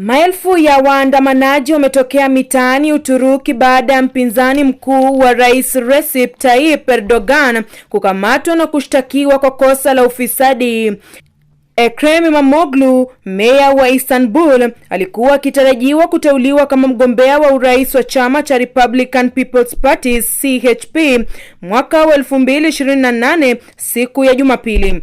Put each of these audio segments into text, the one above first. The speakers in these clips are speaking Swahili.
Maelfu ya waandamanaji wametokea mitaani Uturuki baada ya mpinzani mkuu wa rais Recep Tayyip Erdogan kukamatwa na kushtakiwa kwa kosa la ufisadi. Ekrem Mamoglu, meya wa Istanbul, alikuwa akitarajiwa kuteuliwa kama mgombea wa urais wa chama cha Republican People's Party CHP mwaka wa 2028 siku ya Jumapili.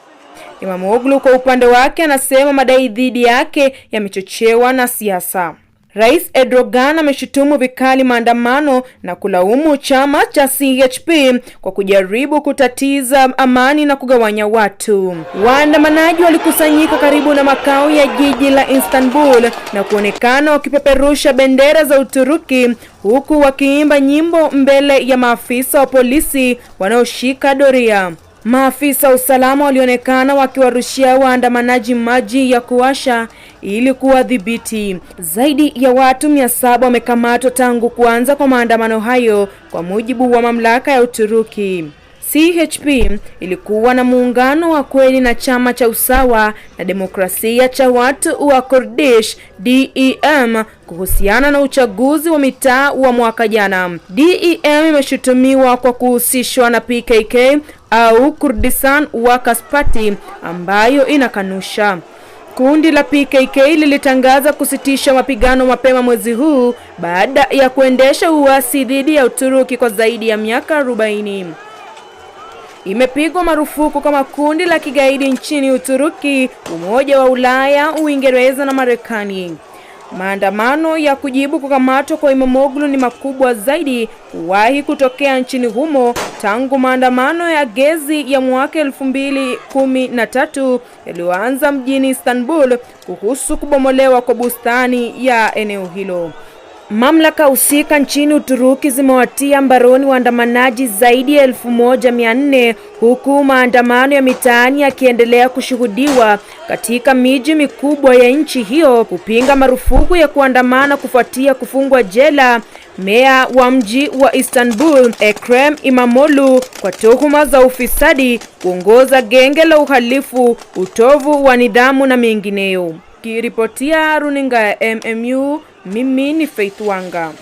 Oglu kwa upande wake anasema madai dhidi yake yamechochewa na siasa. Rais Erdogan ameshutumu vikali maandamano na kulaumu chama cha CHP kwa kujaribu kutatiza amani na kugawanya watu. Waandamanaji walikusanyika karibu na makao ya jiji la Istanbul na kuonekana wakipeperusha bendera za Uturuki huku wakiimba nyimbo mbele ya maafisa wa polisi wanaoshika doria. Maafisa wa usalama walionekana wakiwarushia waandamanaji maji ya kuwasha ili kuwadhibiti. Zaidi ya watu mia saba wamekamatwa tangu kuanza kwa maandamano hayo, kwa mujibu wa mamlaka ya Uturuki. CHP ilikuwa na muungano wa kweli na chama cha usawa na demokrasia cha watu wa Kurdish DEM kuhusiana na uchaguzi wa mitaa wa mwaka jana. DEM imeshutumiwa kwa kuhusishwa na PKK au Kurdistan Workers Party ambayo inakanusha. Kundi la PKK lilitangaza kusitisha mapigano mapema mwezi huu baada ya kuendesha uasi dhidi ya Uturuki kwa zaidi ya miaka 40 imepigwa marufuku kama kundi la kigaidi nchini Uturuki, Umoja wa Ulaya, Uingereza na Marekani. Maandamano ya kujibu kukamatwa kwa Imamoglu ni makubwa zaidi kuwahi kutokea nchini humo tangu maandamano ya Gezi ya mwaka 2013 yaliyoanza mjini Istanbul kuhusu kubomolewa kwa bustani ya eneo hilo. Mamlaka husika nchini Uturuki zimewatia mbaroni waandamanaji zaidi ya elfu moja mia nne huku maandamano ya mitaani yakiendelea kushuhudiwa katika miji mikubwa ya nchi hiyo kupinga marufuku ya kuandamana kufuatia kufungwa jela meya wa mji wa Istanbul Ekrem Imamoglu kwa tuhuma za ufisadi, kuongoza genge la uhalifu, utovu wa nidhamu na mengineyo. Nikiripotia runinga ya MMU, mimi ni Faith Wanga.